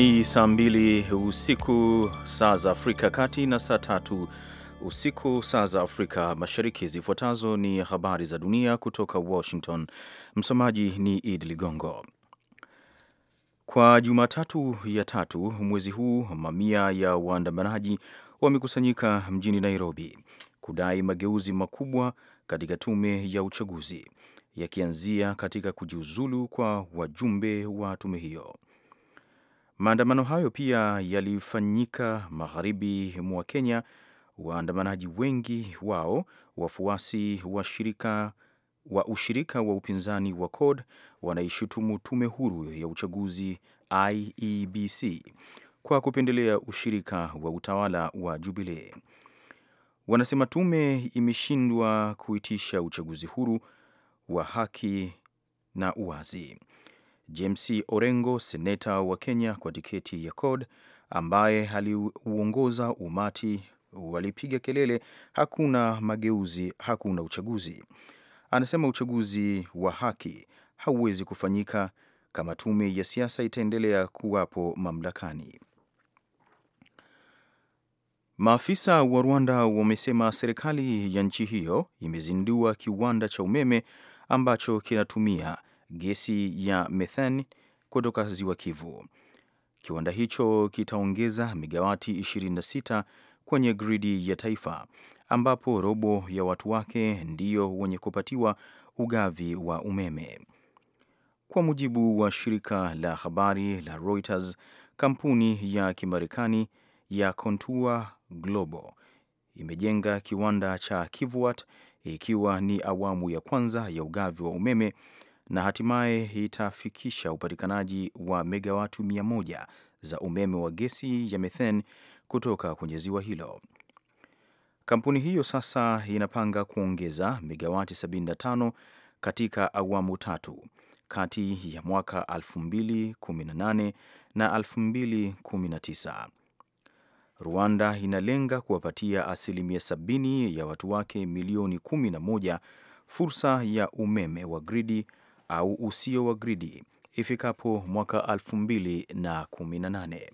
Ni saa mbili usiku saa za Afrika kati na saa tatu usiku saa za Afrika Mashariki. Zifuatazo ni habari za dunia kutoka Washington. Msomaji ni id Ligongo. Kwa Jumatatu ya tatu mwezi huu, mamia ya waandamanaji wamekusanyika mjini Nairobi kudai mageuzi makubwa katika tume ya uchaguzi, yakianzia katika kujiuzulu kwa wajumbe wa tume hiyo. Maandamano hayo pia yalifanyika magharibi mwa Kenya, waandamanaji wengi wao wafuasi wa shirika wa ushirika wa upinzani wa CORD wanaishutumu tume huru ya uchaguzi IEBC kwa kupendelea ushirika wa utawala wa Jubilee. Wanasema tume imeshindwa kuitisha uchaguzi huru wa haki na uwazi. James Orengo, seneta wa Kenya kwa tiketi ya CORD ambaye aliuongoza umati walipiga kelele, hakuna mageuzi, hakuna uchaguzi. Anasema uchaguzi wa haki hauwezi kufanyika kama tume ya siasa itaendelea kuwapo mamlakani. Maafisa wa Rwanda wamesema serikali ya nchi hiyo imezindua kiwanda cha umeme ambacho kinatumia gesi ya methane kutoka ziwa Kivu. Kiwanda hicho kitaongeza megawati 26 kwenye gridi ya taifa, ambapo robo ya watu wake ndiyo wenye kupatiwa ugavi wa umeme. Kwa mujibu wa shirika la habari la Reuters, kampuni ya Kimarekani ya Contour Global imejenga kiwanda cha Kivuat ikiwa ni awamu ya kwanza ya ugavi wa umeme na hatimaye itafikisha upatikanaji wa megawatu mia moja za umeme wa gesi ya methane kutoka kwenye ziwa hilo. Kampuni hiyo sasa inapanga kuongeza megawati 75 katika awamu tatu kati ya mwaka 2018 na 2019. Rwanda inalenga kuwapatia asilimia 70 ya watu wake milioni 11 fursa ya umeme wa gridi au usio wa gridi ifikapo mwaka 2018.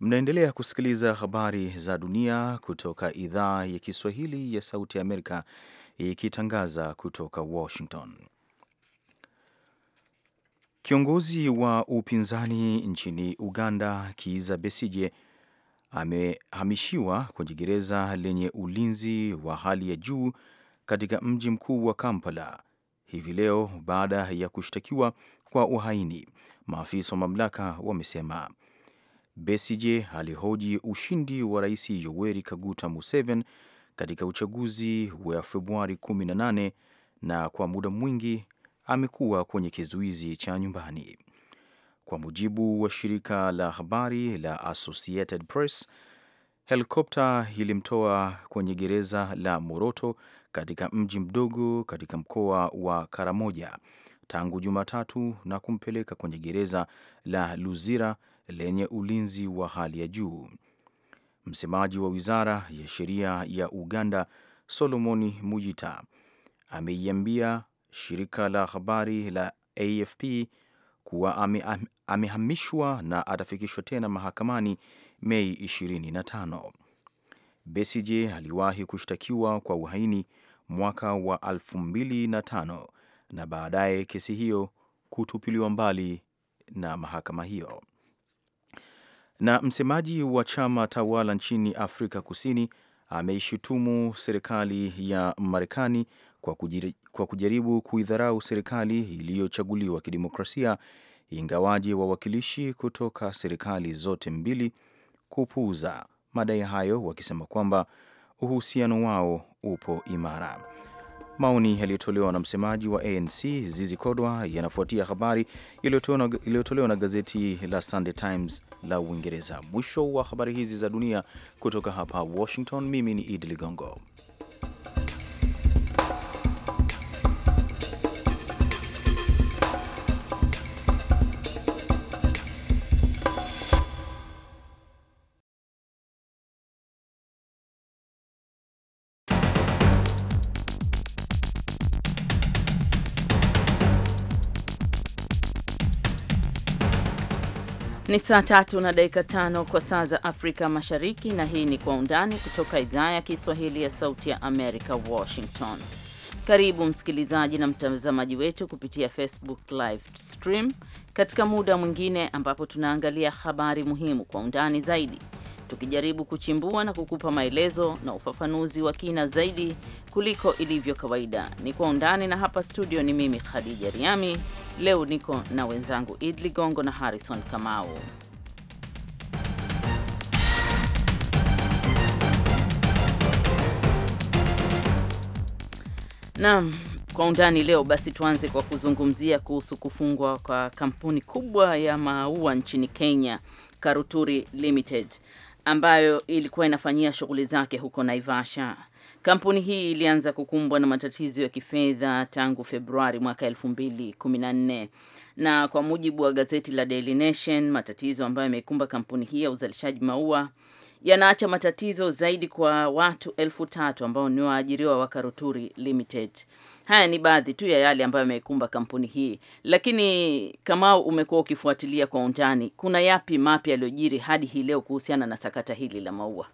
Mnaendelea kusikiliza habari za dunia kutoka idhaa ya Kiswahili ya Sauti ya Amerika ikitangaza kutoka Washington. Kiongozi wa upinzani nchini Uganda Kiiza Besije amehamishiwa kwenye gereza lenye ulinzi wa hali ya juu katika mji mkuu wa Kampala hivi leo baada ya kushtakiwa kwa uhaini, maafisa wa mamlaka wamesema. Besigye alihoji ushindi wa Rais Yoweri Kaguta Museveni katika uchaguzi wa Februari 18 na kwa muda mwingi amekuwa kwenye kizuizi cha nyumbani. Kwa mujibu wa shirika la habari la Associated Press, helikopta ilimtoa kwenye gereza la Moroto katika mji mdogo katika mkoa wa Karamoja tangu Jumatatu na kumpeleka kwenye gereza la Luzira lenye ulinzi wa hali ya juu. Msemaji wa Wizara ya Sheria ya Uganda, Solomoni Mujita, ameiambia shirika la habari la AFP kuwa ame, amehamishwa na atafikishwa tena mahakamani Mei 25. Besigye aliwahi kushtakiwa kwa uhaini mwaka wa 2005 na, na baadaye kesi hiyo kutupiliwa mbali na mahakama hiyo. Na msemaji wa chama tawala nchini Afrika Kusini ameishutumu serikali ya Marekani kwa, kwa kujaribu kuidharau serikali iliyochaguliwa kidemokrasia, ingawaje wawakilishi kutoka serikali zote mbili kupuuza madai hayo wakisema kwamba uhusiano wao upo imara. Maoni yaliyotolewa na msemaji wa ANC Zizi Kodwa yanafuatia habari iliyotolewa na gazeti la Sunday Times la Uingereza. Mwisho wa habari hizi za dunia kutoka hapa Washington, mimi ni Idi Ligongo. Ni saa tatu na dakika tano kwa saa za Afrika Mashariki, na hii ni Kwa Undani kutoka idhaa ya Kiswahili ya Sauti ya Amerika, Washington. Karibu msikilizaji na mtazamaji wetu kupitia Facebook live stream katika muda mwingine ambapo tunaangalia habari muhimu kwa undani zaidi, tukijaribu kuchimbua na kukupa maelezo na ufafanuzi wa kina zaidi kuliko ilivyo kawaida. Ni Kwa Undani, na hapa studio ni mimi Khadija Riami Leo niko na wenzangu Id Ligongo na Harrison Kamau. Naam, kwa undani leo basi, tuanze kwa kuzungumzia kuhusu kufungwa kwa kampuni kubwa ya maua nchini Kenya, Karuturi Limited ambayo ilikuwa inafanyia shughuli zake huko Naivasha. Kampuni hii ilianza kukumbwa na matatizo ya kifedha tangu Februari mwaka kumi na kwa mujibu wa gazeti la Daily Nation, matatizo ambayo yameikumba kampuni hii ya uzalishaji maua yanaacha matatizo zaidi kwa watu elfu tatu ambao ni waajiriwa wa Karuturi Limited. Haya ni baadhi tu ya yale ambayo yameikumba kampuni hii, lakini kama umekuwa ukifuatilia kwa undani, kuna yapi mapya yaliyojiri hadi hii leo kuhusiana na sakata hili la maua?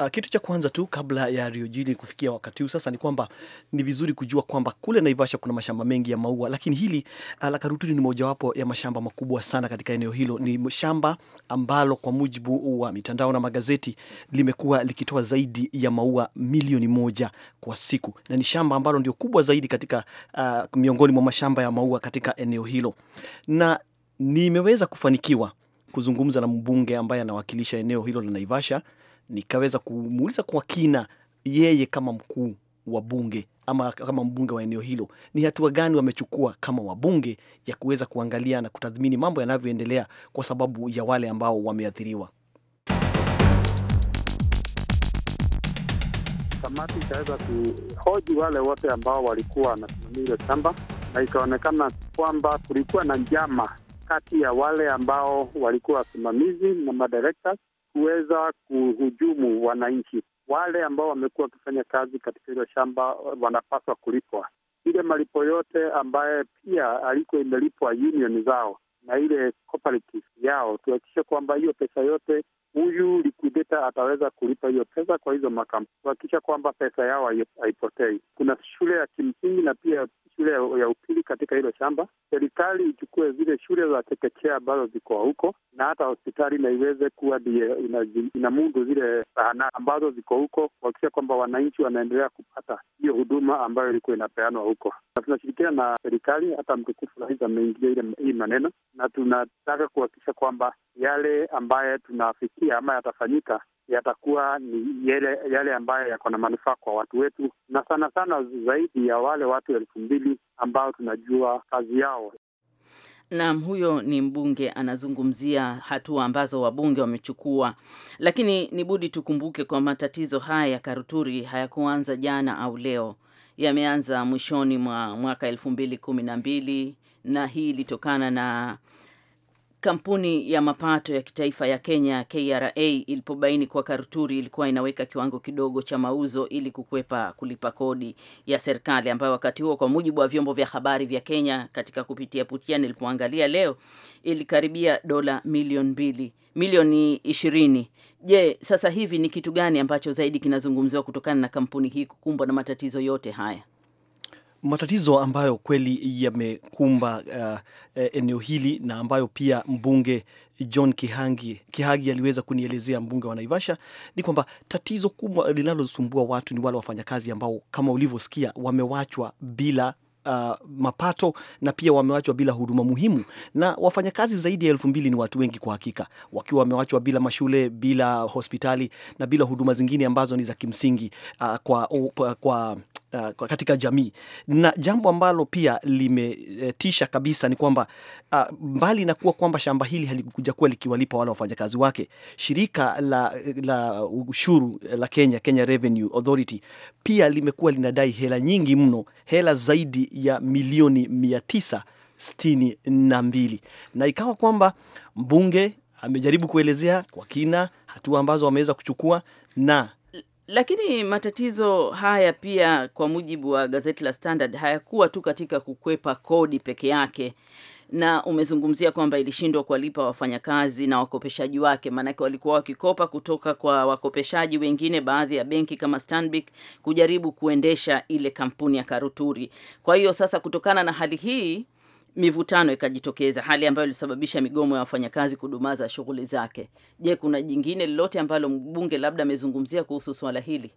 Uh, kitu cha kwanza tu kabla ya riojili kufikia wakati huu sasa ni kwamba ni vizuri kujua kwamba kule Naivasha kuna mashamba mengi ya maua, lakini hili uh, la Karutuli ni mojawapo ya mashamba makubwa sana katika eneo hilo. Ni shamba ambalo kwa mujibu wa mitandao na magazeti limekuwa likitoa zaidi ya maua milioni moja kwa siku, na ni shamba ambalo ndio kubwa zaidi katika uh, miongoni mwa mashamba ya maua katika eneo hilo, na nimeweza kufanikiwa kuzungumza na mbunge ambaye anawakilisha eneo hilo la Naivasha nikaweza kumuuliza kwa kina yeye kama mkuu wa bunge ama kama mbunge wa eneo hilo, ni hatua gani wamechukua kama wabunge ya kuweza kuangalia na kutathmini mambo yanavyoendelea kwa sababu ya wale ambao wameathiriwa. Kamati ikaweza kuhoji wale wote ambao walikuwa wanasimamia ile shamba, na ikaonekana kwamba kulikuwa na njama kati ya wale ambao walikuwa wasimamizi na madirekta kuweza kuhujumu wananchi. Wale ambao wamekuwa wakifanya kazi katika hilo shamba eh, wanapaswa kulipwa ile malipo yote ambayo pia aliko imelipwa union zao na ile cooperative yao, tuhakikishe kwamba hiyo pesa yote huyu liquidata ataweza kulipa hiyo pesa kwa hizo makampuni, kuhakikisha kwamba pesa yao haipotei. Kuna shule ya kimsingi na pia shule ya upili katika hilo shamba. Serikali ichukue zile shule za chekechea ambazo ziko huko na hata hospitali na iweze kuwa ina mundu zile zahanati ambazo ziko huko, kuhakikisha kwamba wananchi wanaendelea kupata hiyo huduma ambayo ilikuwa inapeanwa huko, na tunashirikiana na serikali. Hata mtukufu Rais ameingia hii maneno na tunataka kuhakikisha kwamba yale ambayo tunafikia ama yatafanyika yatakuwa ni yale yale ambayo yako na manufaa kwa watu wetu, na sana sana zaidi ya wale watu elfu mbili ambao tunajua kazi yao. Naam, huyo ni mbunge anazungumzia hatua ambazo wabunge wamechukua, lakini ni budi tukumbuke kwa matatizo haya ya karuturi hayakuanza jana au leo, yameanza mwishoni mwa mwaka elfu mbili kumi na mbili na hii ilitokana na kampuni ya mapato ya kitaifa ya Kenya KRA ilipobaini kuwa karturi ilikuwa inaweka kiwango kidogo cha mauzo ili kukwepa kulipa kodi ya serikali, ambayo wakati huo, kwa mujibu wa vyombo vya habari vya Kenya katika kupitia putia, nilipoangalia leo, ilikaribia dola milioni mbili milioni ishirini. Je, sasa hivi ni kitu gani ambacho zaidi kinazungumziwa kutokana na kampuni hii kukumbwa na matatizo yote haya? matatizo ambayo kweli yamekumba uh, eh, eneo hili na ambayo pia mbunge John Kihangi, Kihagi aliweza kunielezea mbunge wa Naivasha ni kwamba tatizo kubwa linalosumbua watu ni wale wafanyakazi ambao kama ulivyosikia wamewachwa bila Uh, mapato na pia wamewachwa bila huduma muhimu, na wafanyakazi zaidi ya elfu mbili ni watu wengi kwa hakika, wakiwa wamewachwa bila mashule, bila hospitali na bila huduma zingine ambazo ni za kimsingi uh, kwa, uh, kwa uh, katika jamii. Na jambo ambalo pia limetisha eh, kabisa ni kwamba uh, mbali na kuwa kwamba shamba hili halikuja kuwa likiwalipa wale wafanyakazi wake, shirika la, la ushuru eh, la Kenya, Kenya Revenue Authority, pia limekuwa linadai hela nyingi mno, hela zaidi ya milioni mia tisa sitini na mbili na ikawa kwamba mbunge amejaribu kuelezea kwa kina hatua ambazo wameweza kuchukua na lakini matatizo haya pia, kwa mujibu wa gazeti la Standard, hayakuwa tu katika kukwepa kodi peke yake na umezungumzia kwamba ilishindwa kuwalipa wafanyakazi na wakopeshaji wake, maanake walikuwa wakikopa kutoka kwa wakopeshaji wengine, baadhi ya benki kama Stanbic, kujaribu kuendesha ile kampuni ya Karuturi. Kwa hiyo sasa, kutokana na hali hii, mivutano ikajitokeza, hali ambayo ilisababisha migomo ya wafanyakazi kudumaza shughuli zake. Je, kuna jingine lolote ambalo mbunge labda amezungumzia kuhusu swala hili?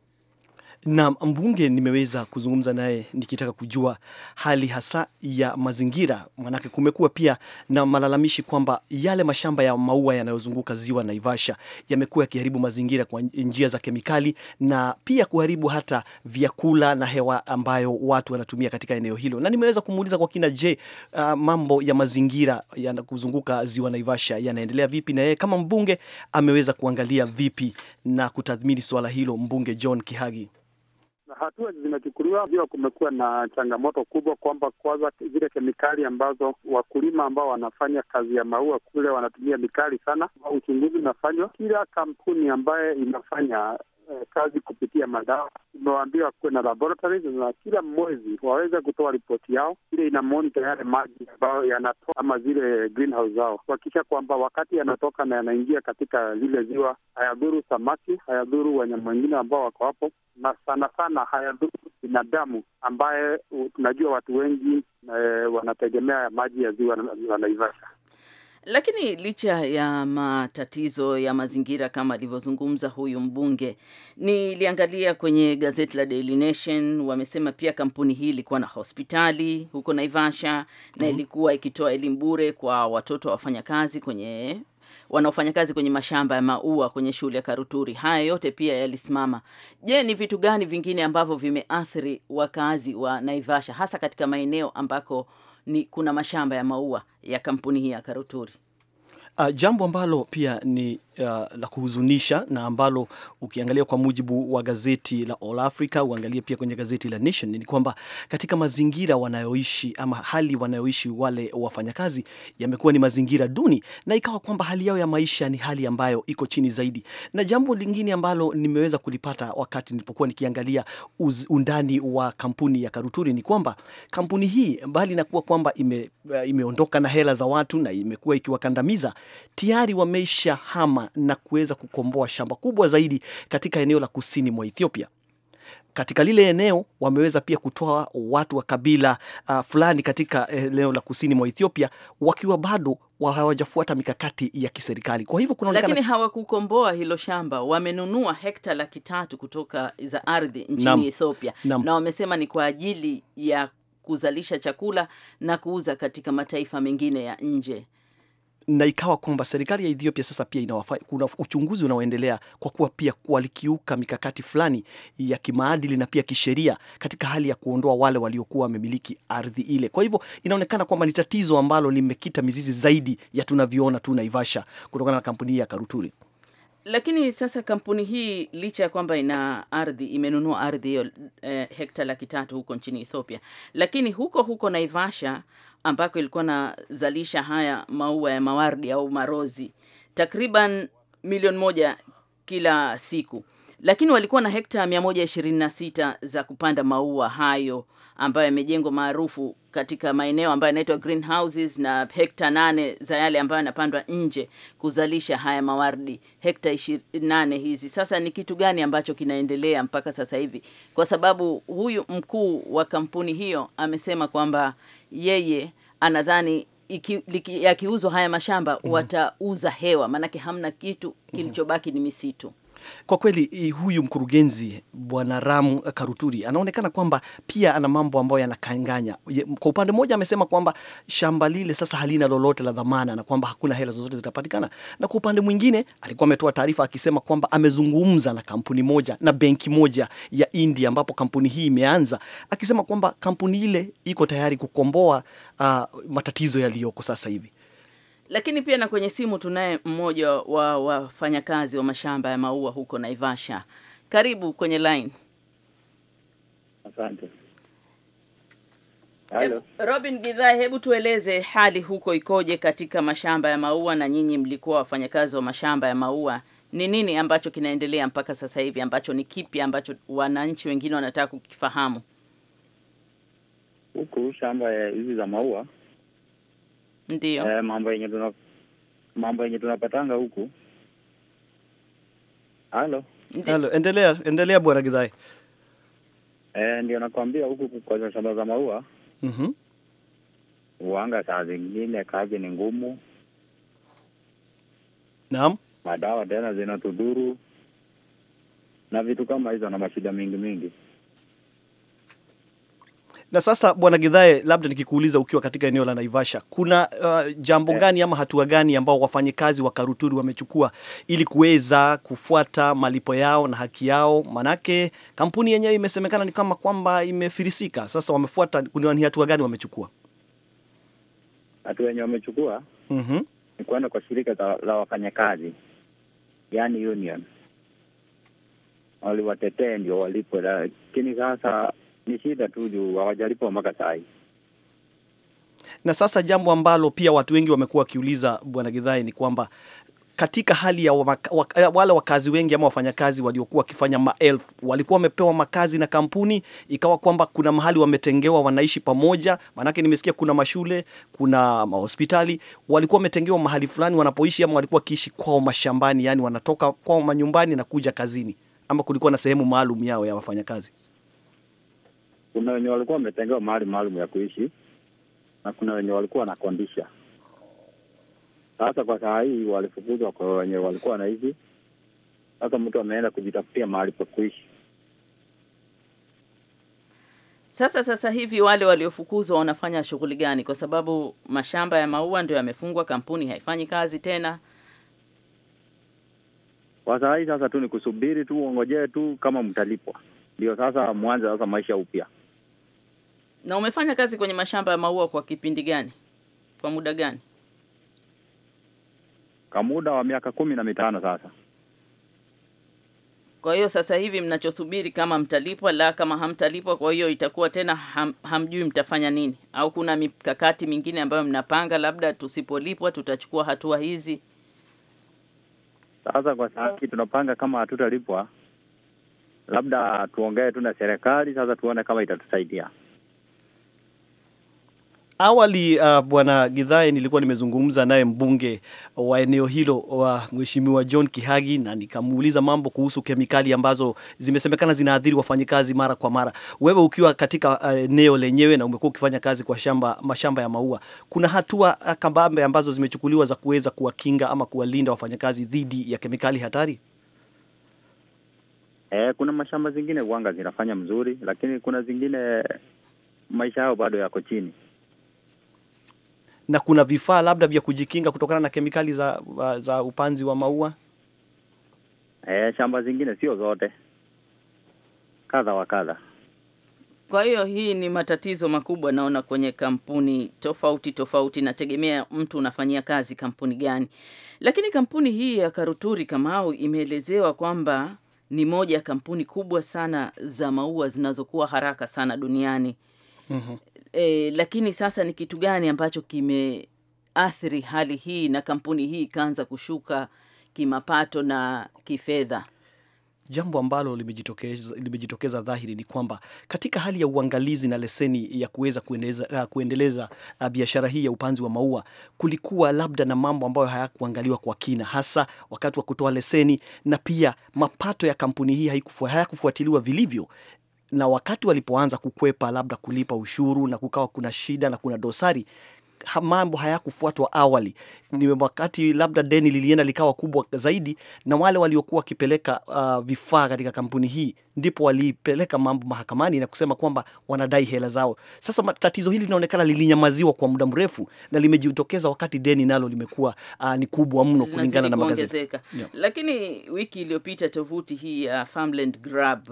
Na mbunge nimeweza kuzungumza naye nikitaka kujua hali hasa ya mazingira, manake kumekuwa pia na malalamishi kwamba yale mashamba ya maua yanayozunguka ziwa Naivasha yamekuwa yakiharibu mazingira kwa njia za kemikali na pia kuharibu hata vyakula na hewa ambayo watu wanatumia katika eneo hilo, na nimeweza kumuuliza kwa kina, je, uh, mambo ya mazingira yanakuzunguka ziwa Naivasha yanaendelea vipi, na yeye kama mbunge ameweza kuangalia vipi na kutathmini swala hilo. Mbunge John Kihagi hatua zimechukuliwa. Ndio kumekuwa na changamoto kubwa kwamba kwanza, zile kemikali ambazo wakulima ambao wanafanya kazi ya maua kule wanatumia mikali sana. Uchunguzi unafanywa, kila kampuni ambaye inafanya eh, kazi kupitia madawa. Tumewaambiwa kuwe na laboratories na kila mwezi waweze kutoa ripoti yao, ile ina monitor yale maji ambayo yanatoa ama zile greenhouse zao, kuhakikisha kwamba wakati yanatoka na yanaingia katika zile ziwa hayadhuru samaki, hayadhuru wanyama wengine ambao wako hapo, na sana sana hayadhuru binadamu ambaye tunajua watu wengi eh, wanategemea maji ya ziwa la Naivasha. Lakini licha ya matatizo ya mazingira kama alivyozungumza huyu mbunge, niliangalia kwenye gazeti la Daily Nation, wamesema pia kampuni hii ilikuwa na hospitali huko Naivasha na mhm. ilikuwa ikitoa elimu bure kwa watoto wa wafanyakazi kwenye wanaofanya kazi kwenye mashamba ya maua kwenye shule ya Karuturi. Haya yote pia yalisimama. Je, ni vitu gani vingine ambavyo vimeathiri wakazi wa Naivasha hasa katika maeneo ambako ni kuna mashamba ya maua ya kampuni hii ya karuturi Uh, ah, jambo ambalo pia ni uh, la kuhuzunisha na ambalo ukiangalia kwa mujibu wa gazeti la All Africa, uangalie pia kwenye gazeti la Nation, ni kwamba katika mazingira wanayoishi ama hali wanayoishi wale wafanyakazi yamekuwa ni mazingira duni, na ikawa kwamba hali yao ya maisha ni hali ambayo iko chini zaidi. Na jambo lingine ambalo nimeweza kulipata wakati nilipokuwa nikiangalia uz, undani wa kampuni ya Karuturi ni kwamba kampuni hii mbali na kuwa kwamba ime, eh, imeondoka na hela za watu na imekuwa ikiwakandamiza, tayari wameisha hama na kuweza kukomboa shamba kubwa zaidi katika eneo la kusini mwa Ethiopia. Katika lile eneo wameweza pia kutoa watu wa kabila uh, fulani katika eneo la kusini mwa Ethiopia wakiwa bado wa hawajafuata mikakati ya kiserikali. Kwa hivyo kunaonekana, lakini hawakukomboa hilo shamba, wamenunua hekta laki tatu kutoka za ardhi nchini nam, Ethiopia nam. Na wamesema ni kwa ajili ya kuzalisha chakula na kuuza katika mataifa mengine ya nje na ikawa kwamba serikali ya Ethiopia sasa pia inawafa, kuna uchunguzi unaoendelea kwa kuwa pia walikiuka mikakati fulani ya kimaadili na pia kisheria katika hali ya kuondoa wale waliokuwa wamemiliki ardhi ile. Kwa hivyo inaonekana kwamba ni tatizo ambalo limekita mizizi zaidi ya tunavyoona tu Naivasha kutokana na kampuni ya Karuturi. Lakini sasa kampuni hii licha ya kwamba ina ardhi imenunua ardhi hiyo eh, hekta laki tatu huko nchini Ethiopia, lakini huko huko Naivasha ambako ilikuwa nazalisha haya maua ya mawardi au marozi takriban milioni moja kila siku, lakini walikuwa na hekta mia moja ishirini na sita za kupanda maua hayo ambayo yamejengwa maarufu katika maeneo ambayo yanaitwa greenhouses na hekta nane za yale ambayo yanapandwa nje kuzalisha haya mawardi hekta ishirini nane hizi. Sasa ni kitu gani ambacho kinaendelea mpaka sasa hivi? Kwa sababu huyu mkuu wa kampuni hiyo amesema kwamba yeye anadhani yakiuzwa haya mashamba mm -hmm. watauza hewa, maanake hamna kitu mhm. kilichobaki, ni misitu. Kwa kweli huyu mkurugenzi bwana Ram Karuturi anaonekana kwamba pia ana mambo ambayo yanakanganya. Kwa upande mmoja, amesema kwamba shamba lile sasa halina lolote la dhamana na kwamba hakuna hela zozote zitapatikana, na kwa upande mwingine alikuwa ametoa taarifa akisema kwamba amezungumza na kampuni moja na benki moja ya India ambapo kampuni hii imeanza, akisema kwamba kampuni ile iko tayari kukomboa uh, matatizo yaliyoko sasa hivi. Lakini pia na kwenye simu tunaye mmoja wa wafanyakazi wa mashamba ya maua huko Naivasha. Karibu kwenye line. Asante. Hello. Robin Gidhaa, hebu tueleze hali huko ikoje katika mashamba ya maua, na nyinyi mlikuwa wafanyakazi wa mashamba ya maua. Ni nini ambacho kinaendelea mpaka sasa hivi, ambacho ni kipi ambacho wananchi wengine wanataka kukifahamu? Huku shamba hizi za maua Ndiyo. eh, mambo yenye tuna mambo yenye tunapatanga huku. Halo. Halo, endelea endelea bwana Gidhai. Eh, ndio nakwambia huku kwa shamba za maua. Mhm. Mm Uanga saa zingine kazi ni ngumu. Naam. Madawa tena zinatudhuru na vitu kama hizo na mashida mingi mingi. Na sasa Bwana Gidhae, labda nikikuuliza ukiwa katika eneo la Naivasha, kuna uh, jambo yeah, gani ama hatua gani ambao wafanyikazi wa Karuturi wamechukua ili kuweza kufuata malipo yao na haki yao? Manake kampuni yenyewe imesemekana ni kama kwamba imefirisika. Sasa wamefuata, ni hatua gani wamechukua? Hatua yenye wamechukua mm -hmm. ni kuenda kwa shirika za, la wafanyakazi yani union, waliwatetee ndio walipwe, lakini sasa ni shida tu juu hawajalipa mpaka saa hii. Na sasa jambo ambalo pia watu wengi wamekuwa wakiuliza Bwana Gidhai ni kwamba katika hali ya wale wakazi wengi ama wafanyakazi waliokuwa wakifanya maelfu walikuwa wamepewa makazi na kampuni, ikawa kwamba kuna mahali wametengewa wanaishi pamoja. Maanake nimesikia kuna mashule, kuna mahospitali, walikuwa wametengewa mahali fulani wanapoishi, ama walikuwa wakiishi kwao mashambani, yani wanatoka kwao manyumbani na kuja kazini, ama kulikuwa na sehemu maalum yao ya wafanyakazi kuna wenye walikuwa wametengewa mahali maalum ya kuishi na kuna wenye walikuwa wanakondisha. Sasa kwa saa hii walifukuzwa kwa wenye walikuwa wanaishi. Sasa mtu ameenda kujitafutia mahali pa kuishi. Sasa sasa hivi wale waliofukuzwa wanafanya shughuli gani? Kwa sababu mashamba ya maua ndio yamefungwa, kampuni haifanyi kazi tena. Kwa saa hii sasa tu ni kusubiri tu, uongojee tu kama mtalipwa, ndio sasa mwanze sasa maisha upya. Na umefanya kazi kwenye mashamba ya maua kwa kipindi gani? Kwa muda gani? Kwa muda wa miaka kumi na mitano sasa. Kwa hiyo sasa hivi mnachosubiri kama mtalipwa la kama hamtalipwa, kwa hiyo itakuwa tena ham, hamjui mtafanya nini, au kuna mikakati mingine ambayo mnapanga, labda tusipolipwa tutachukua hatua hizi? Sasa kwa sasa tunapanga kama hatutalipwa, labda tuongee tu na serikali sasa, tuone kama itatusaidia. Awali uh, bwana Gidhae nilikuwa nimezungumza naye mbunge wa eneo hilo wa mheshimiwa John Kihagi, na nikamuuliza mambo kuhusu kemikali ambazo zimesemekana zinaathiri wafanyikazi mara kwa mara. Wewe ukiwa katika uh, eneo uh, lenyewe na umekuwa ukifanya kazi kwa shamba, mashamba ya maua, kuna hatua uh, kabambe ambazo zimechukuliwa za kuweza kuwakinga ama kuwalinda wafanyakazi dhidi ya kemikali hatari? Eh, kuna mashamba zingine wanga zinafanya mzuri, lakini kuna zingine maisha yao bado yako chini na kuna vifaa labda vya kujikinga kutokana na kemikali za, uh, za upanzi wa maua? E, shamba zingine sio zote, kadha wa kadha. Kwa hiyo hii ni matatizo makubwa naona kwenye kampuni tofauti tofauti, nategemea mtu unafanyia kazi kampuni gani. Lakini kampuni hii ya Karuturi Kamau imeelezewa kwamba ni moja ya kampuni kubwa sana za maua zinazokuwa haraka sana duniani. Mm -hmm. E, lakini sasa ni kitu gani ambacho kimeathiri hali hii na kampuni hii ikaanza kushuka kimapato na kifedha? Jambo ambalo limejitokeza, limejitokeza dhahiri ni kwamba katika hali ya uangalizi na leseni ya kuweza ah, kuendeleza, kuendeleza ah, biashara hii ya upanzi wa maua kulikuwa labda na mambo ambayo hayakuangaliwa kwa kina, hasa wakati wa kutoa leseni, na pia mapato ya kampuni hii hayakufuatiliwa vilivyo, na wakati walipoanza kukwepa labda kulipa ushuru na kukawa kuna shida na kuna dosari mambo hayakufuatwa awali. Ni wakati labda deni lilienda likawa kubwa zaidi, na wale waliokuwa wakipeleka uh, vifaa katika kampuni hii ndipo walipeleka mambo mahakamani na kusema kwamba wanadai hela zao. Sasa tatizo hili linaonekana lilinyamaziwa kwa muda mrefu na limejitokeza wakati deni nalo limekuwa uh, ni kubwa mno kulingana na magazeti yeah. Lakini wiki iliyopita tovuti hii ya uh, Farmland Grab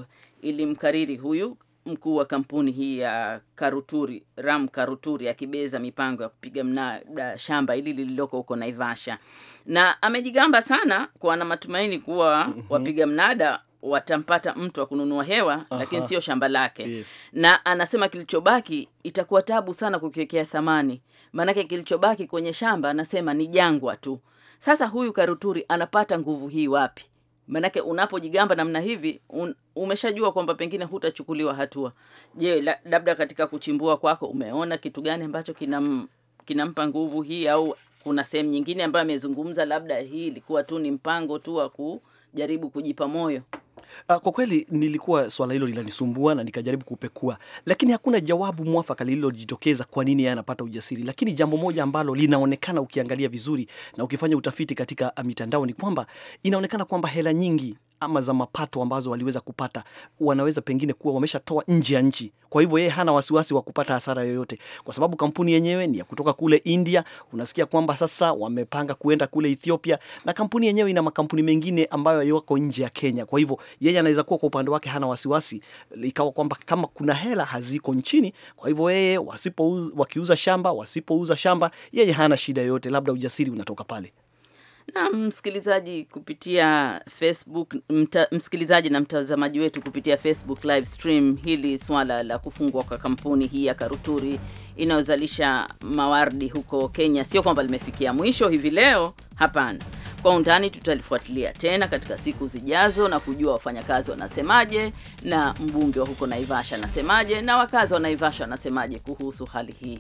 ilimkariri huyu mkuu wa kampuni hii ya Karuturi Ram Karuturi akibeza mipango ya kupiga mnada shamba hili lililoko huko Naivasha, na amejigamba sana kuwa na matumaini kuwa mhm. wapiga mnada watampata mtu wa kununua hewa, lakini sio shamba lake yes. Na anasema kilichobaki itakuwa tabu sana kukiwekea thamani, maanake kilichobaki kwenye shamba anasema ni jangwa tu. Sasa huyu Karuturi anapata nguvu hii wapi? Maanake unapojigamba namna hivi un, umeshajua kwamba pengine hutachukuliwa hatua. Je, labda katika kuchimbua kwako umeona kitu gani ambacho kinam, kinampa nguvu hii au kuna sehemu nyingine ambayo amezungumza, labda hii ilikuwa tu ni mpango tu wa ku jaribu kujipa moyo. Ah, kwa kweli nilikuwa swala hilo linanisumbua na nikajaribu kupekua, lakini hakuna jawabu mwafaka lililojitokeza kwa nini yeye anapata ujasiri. Lakini jambo moja ambalo linaonekana ukiangalia vizuri na ukifanya utafiti katika mitandao ni kwamba inaonekana kwamba hela nyingi ama za mapato ambazo waliweza kupata, wanaweza pengine kuwa wameshatoa nje ya nchi. Kwa hivyo yeye hana wasiwasi wa kupata hasara yoyote, kwa sababu kampuni yenyewe ni ya kutoka kule India. Unasikia kwamba sasa wamepanga kuenda kule Ethiopia, na kampuni yenyewe ina makampuni mengine ambayo yako nje ya Kenya. Kwa hivyo yeye anaweza kuwa kwa upande wake hana wasiwasi, ikawa kwamba kama kuna hela haziko nchini. Kwa hivyo yeye wasipo, wakiuza shamba, wasipouza shamba, yeye hana shida yoyote, labda ujasiri unatoka pale. Na msikilizaji kupitia Facebook mta, msikilizaji na mtazamaji wetu kupitia Facebook live stream, hili swala la kufungwa kwa kampuni hii ya Karuturi inayozalisha mawardi huko Kenya sio kwamba limefikia mwisho hivi leo, hapana. Kwa undani tutalifuatilia tena katika siku zijazo na kujua wafanyakazi wanasemaje na mbunge wa huko Naivasha anasemaje na wakazi wa Naivasha wanasemaje kuhusu hali hii.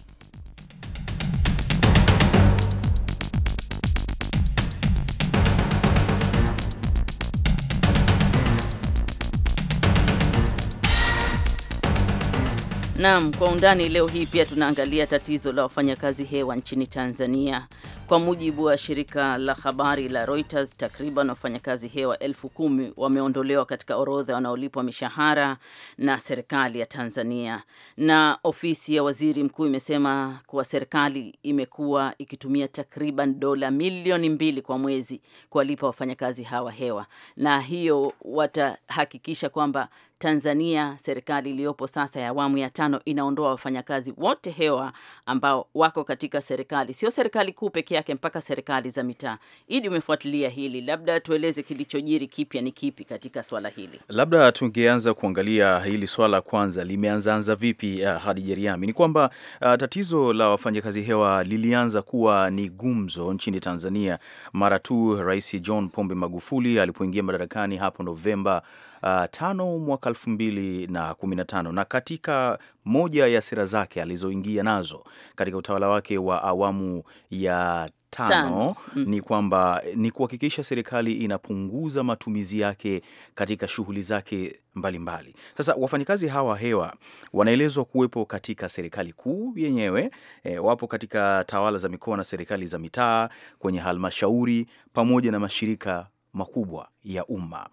Naam, kwa undani leo hii pia tunaangalia tatizo la wafanyakazi hewa nchini Tanzania. Kwa mujibu wa shirika la habari la Reuters, takriban wafanyakazi hewa elfu kumi wameondolewa katika orodha wanaolipwa mishahara na serikali ya Tanzania, na ofisi ya waziri mkuu imesema kuwa serikali imekuwa ikitumia takriban dola milioni mbili kwa mwezi kuwalipa wafanyakazi hawa hewa, na hiyo watahakikisha kwamba Tanzania, serikali iliyopo sasa ya awamu ya tano inaondoa wafanyakazi wote hewa ambao wako katika serikali, sio serikali kuu peke yake, mpaka serikali za mitaa. Idi, umefuatilia hili, labda tueleze kilichojiri kipya ni kipi katika swala hili? Labda tungeanza kuangalia hili swala kwanza, limeanzaanza vipi? Uh, eh, Hadija Riami, ni kwamba uh, tatizo la wafanyakazi hewa lilianza kuwa ni gumzo nchini Tanzania mara tu Rais John Pombe Magufuli alipoingia madarakani hapo Novemba Uh, tano mwaka elfu mbili na kumi na tano na katika moja ya sera zake alizoingia nazo katika utawala wake wa awamu ya tano, tano. Mm. Ni kwamba ni kuhakikisha serikali inapunguza matumizi yake katika shughuli zake mbalimbali mbali. Sasa wafanyakazi hawa hewa wanaelezwa kuwepo katika serikali kuu yenyewe e, wapo katika tawala za mikoa na serikali za mitaa, kwenye halmashauri pamoja na mashirika makubwa ya umma.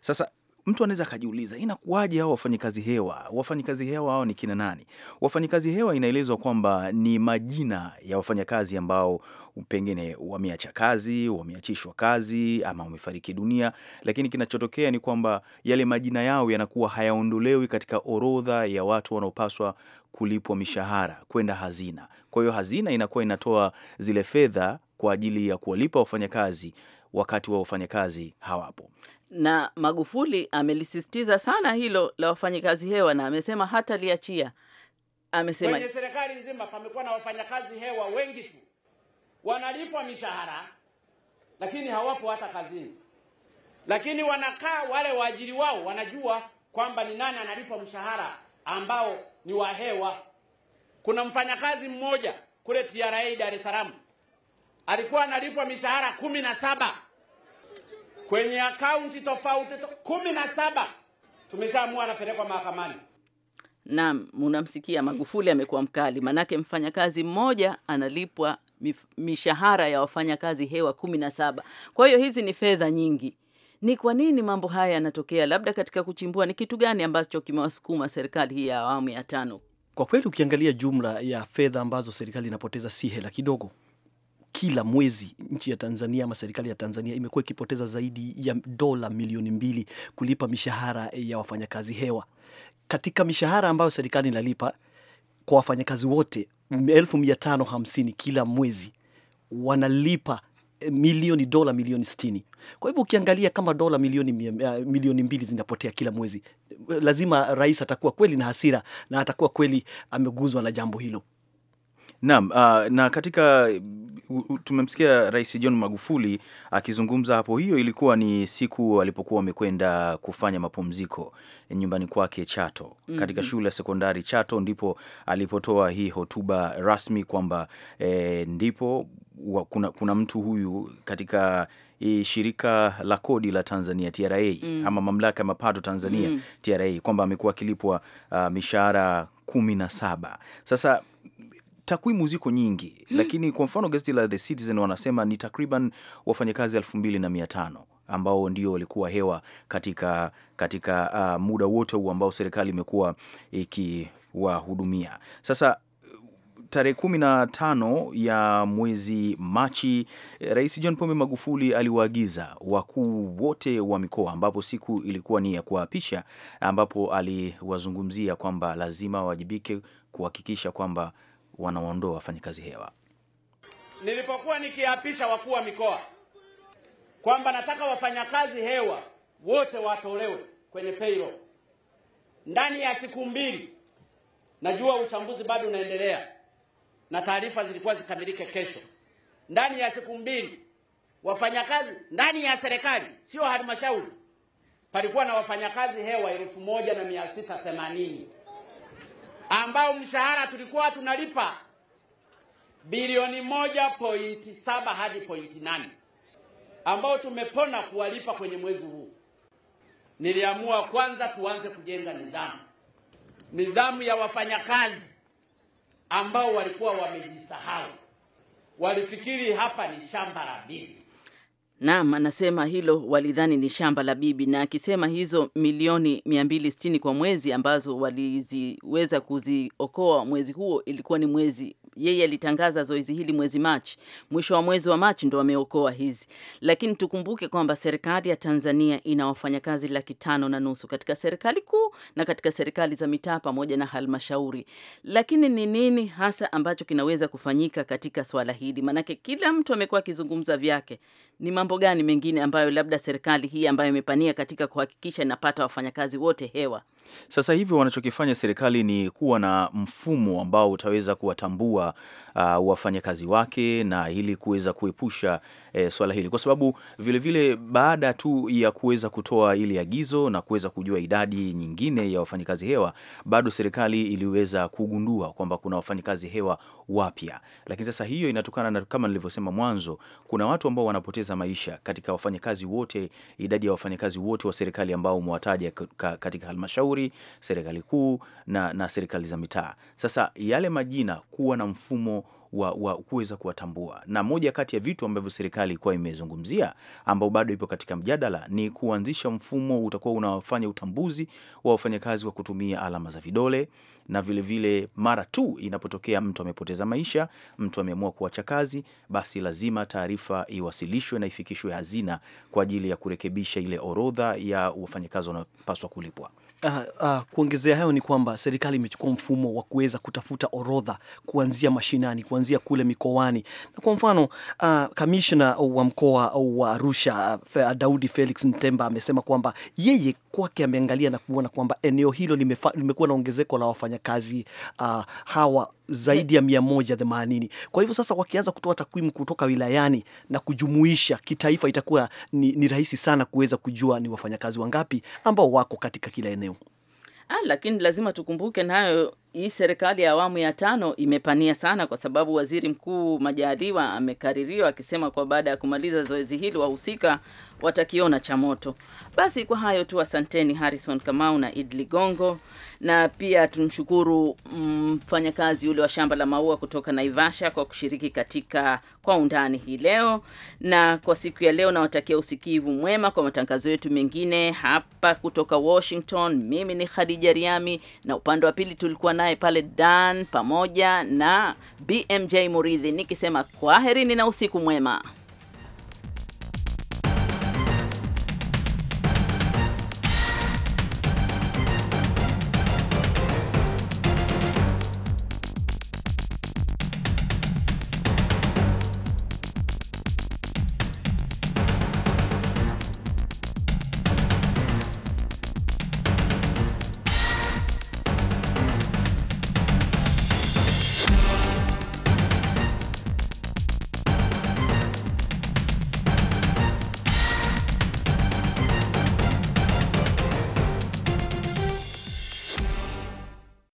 Sasa mtu anaweza akajiuliza inakuwaje hao wafanyikazi hewa? Wafanyikazi hewa hao ni kina nani? Wafanyikazi hewa inaelezwa kwamba ni majina ya wafanyakazi ambao pengine wameacha kazi, wameachishwa kazi ama wamefariki dunia, lakini kinachotokea ni kwamba yale majina yao yanakuwa hayaondolewi katika orodha ya watu wanaopaswa kulipwa mishahara kwenda hazina. Kwa hiyo hazina inakuwa inatoa zile fedha kwa ajili ya kuwalipa wafanyakazi wakati wa wafanyakazi hawapo na Magufuli amelisisitiza sana hilo la wafanyakazi hewa, na amesema hata liachia. Amesema kwenye serikali nzima pamekuwa na wafanyakazi hewa wengi tu, wanalipwa mishahara lakini hawapo hata kazini, lakini wanakaa wale waajiri wao wanajua kwamba ni nani analipwa mshahara ambao ni wa hewa. Kuna mfanyakazi mmoja kule TRA Dar es Salaam alikuwa analipwa mishahara kumi na saba kwenye akaunti tofauti to, kumi na saba tumeshaamua anapelekwa mahakamani. Naam, unamsikia Magufuli amekuwa mkali, manake mfanyakazi mmoja analipwa mishahara ya wafanyakazi hewa kumi na saba. Kwa hiyo hizi ni fedha nyingi. Ni kwa nini mambo haya yanatokea? Labda katika kuchimbua, ni kitu gani ambacho kimewasukuma serikali hii ya awamu ya tano? Kwa kweli ukiangalia jumla ya fedha ambazo serikali inapoteza si hela kidogo, kila mwezi nchi ya Tanzania ama serikali ya Tanzania imekuwa ikipoteza zaidi ya dola milioni mbili kulipa mishahara ya wafanyakazi hewa. Katika mishahara ambayo serikali inalipa kwa wafanyakazi wote elfu mia tano hamsini kila mwezi wanalipa eh, milioni dola milioni sitini. Kwa hivyo ukiangalia kama dola milioni, eh, milioni mbili zinapotea kila mwezi, eh, lazima rais atakuwa kweli na hasira na atakuwa kweli ameguzwa na jambo hilo. Naam, uh, na katika tumemsikia Rais John Magufuli akizungumza hapo. Hiyo ilikuwa ni siku alipokuwa amekwenda kufanya mapumziko nyumbani kwake Chato, mm -hmm. katika mhm. shule ya sekondari Chato ndipo alipotoa hii hotuba rasmi kwamba e, ndipo wa, kuna, kuna mtu huyu katika shirika la kodi la Tanzania TRA, mm. ama mamlaka ya mapato Tanzania mm. TRA, kwamba amekuwa akilipwa uh, mishahara kumi na saba sasa takwimu ziko nyingi, hmm. lakini kwa mfano gazeti la The Citizen wanasema ni takriban wafanyakazi elfu mbili na mia tano ambao ndio walikuwa hewa katika, katika uh, muda wote huu ambao serikali imekuwa ikiwahudumia. Sasa tarehe kumi na tano ya mwezi Machi, eh, Rais John Pombe Magufuli aliwaagiza wakuu wote wa mikoa, ambapo siku ilikuwa ni ya kuwaapisha, ambapo aliwazungumzia kwamba lazima wawajibike kuhakikisha kwamba wanawaondoa wafanyakazi hewa. Nilipokuwa nikiapisha wakuu wa mikoa kwamba nataka wafanyakazi hewa wote watolewe kwenye payroll ndani ya siku mbili, najua uchambuzi bado unaendelea na taarifa zilikuwa zikamilike kesho. Ndani ya siku mbili wafanyakazi ndani ya serikali, sio halmashauri, palikuwa na wafanyakazi hewa elfu moja na mia sita themanini ambao mshahara tulikuwa tunalipa bilioni moja pointi saba hadi pointi nane ambao tumepona kuwalipa kwenye mwezi huu. Niliamua kwanza tuanze kujenga nidhamu, nidhamu ya wafanyakazi ambao walikuwa wamejisahau, walifikiri hapa ni shamba la bibi. Naam, anasema hilo walidhani ni shamba la bibi, na akisema hizo milioni 260 kwa mwezi ambazo waliziweza kuziokoa mwezi huo, ilikuwa ni mwezi yeye alitangaza zoezi hili mwezi Machi, mwisho wa mwezi wa Machi ndo wameokoa hizi. Lakini tukumbuke kwamba serikali ya Tanzania ina wafanyakazi laki tano na nusu katika serikali kuu na katika serikali za mitaa pamoja na halmashauri. Lakini ni nini hasa ambacho kinaweza kufanyika katika swala hili? Maanake kila mtu amekuwa akizungumza vyake, ni mambo gani mengine ambayo labda serikali hii ambayo imepania katika kuhakikisha inapata wafanyakazi wote hewa? Sasa hivi wanachokifanya serikali ni kuwa na mfumo ambao utaweza kuwatambua uh, wafanyakazi wake na ili kuweza kuepusha e, swala hili, kwa sababu vilevile baada tu ya kuweza kutoa ile agizo na kuweza kujua idadi nyingine ya wafanyikazi hewa, bado serikali iliweza kugundua kwamba kuna wafanyikazi hewa wapya. Lakini sasa hiyo inatokana na kama nilivyosema mwanzo, kuna watu ambao wanapoteza maisha katika wafanyakazi wote, idadi ya wafanyakazi wote wa serikali ambao umewataja katika halmashauri, serikali kuu na, na serikali za mitaa. Sasa yale majina kuwa na mfumo wa, wa kuweza kuwatambua. Na moja kati ya vitu ambavyo serikali ilikuwa imezungumzia ambao bado ipo katika mjadala ni kuanzisha mfumo utakuwa unawafanya utambuzi wa wafanyakazi kwa kutumia alama za vidole na vilevile vile mara tu inapotokea mtu amepoteza maisha, mtu ameamua kuacha kazi, basi lazima taarifa iwasilishwe na ifikishwe hazina kwa ajili ya kurekebisha ile orodha ya wafanyakazi wanaopaswa kulipwa. Uh, uh, kuongezea hayo ni kwamba serikali imechukua mfumo wa kuweza kutafuta orodha kuanzia mashinani, kuanzia kule mikoani, na kwa mfano ah, kamishna wa mkoa wa Arusha uh, Daudi Felix Ntemba amesema kwamba yeye kwake ameangalia na kuona kwamba eneo hilo limekuwa na ongezeko la wafanyakazi uh, hawa zaidi ya mia moja themanini. Kwa hivyo sasa wakianza kutoa takwimu kutoka wilayani na kujumuisha kitaifa, itakuwa ni, ni rahisi sana kuweza kujua ni wafanyakazi wangapi ambao wako katika kila eneo. Ah, lakini lazima tukumbuke nayo hii serikali ya awamu ya tano imepania sana, kwa sababu waziri mkuu Majaliwa amekaririwa akisema kwa baada ya kumaliza zoezi hili wahusika watakiona cha moto. Basi kwa hayo tu, asanteni Harrison Kamau na Id Ligongo, na pia tumshukuru mm, mfanyakazi ule yule wa shamba la maua kutoka Naivasha kwa kushiriki katika kwa undani hii leo. Na kwa siku ya leo nawatakia usikivu mwema kwa matangazo yetu mengine hapa kutoka Washington. Mimi ni Khadija Riami na upande wa pili tulikuwa naye pale Dan pamoja na BMJ Muridhi, nikisema kwaherini na usiku mwema.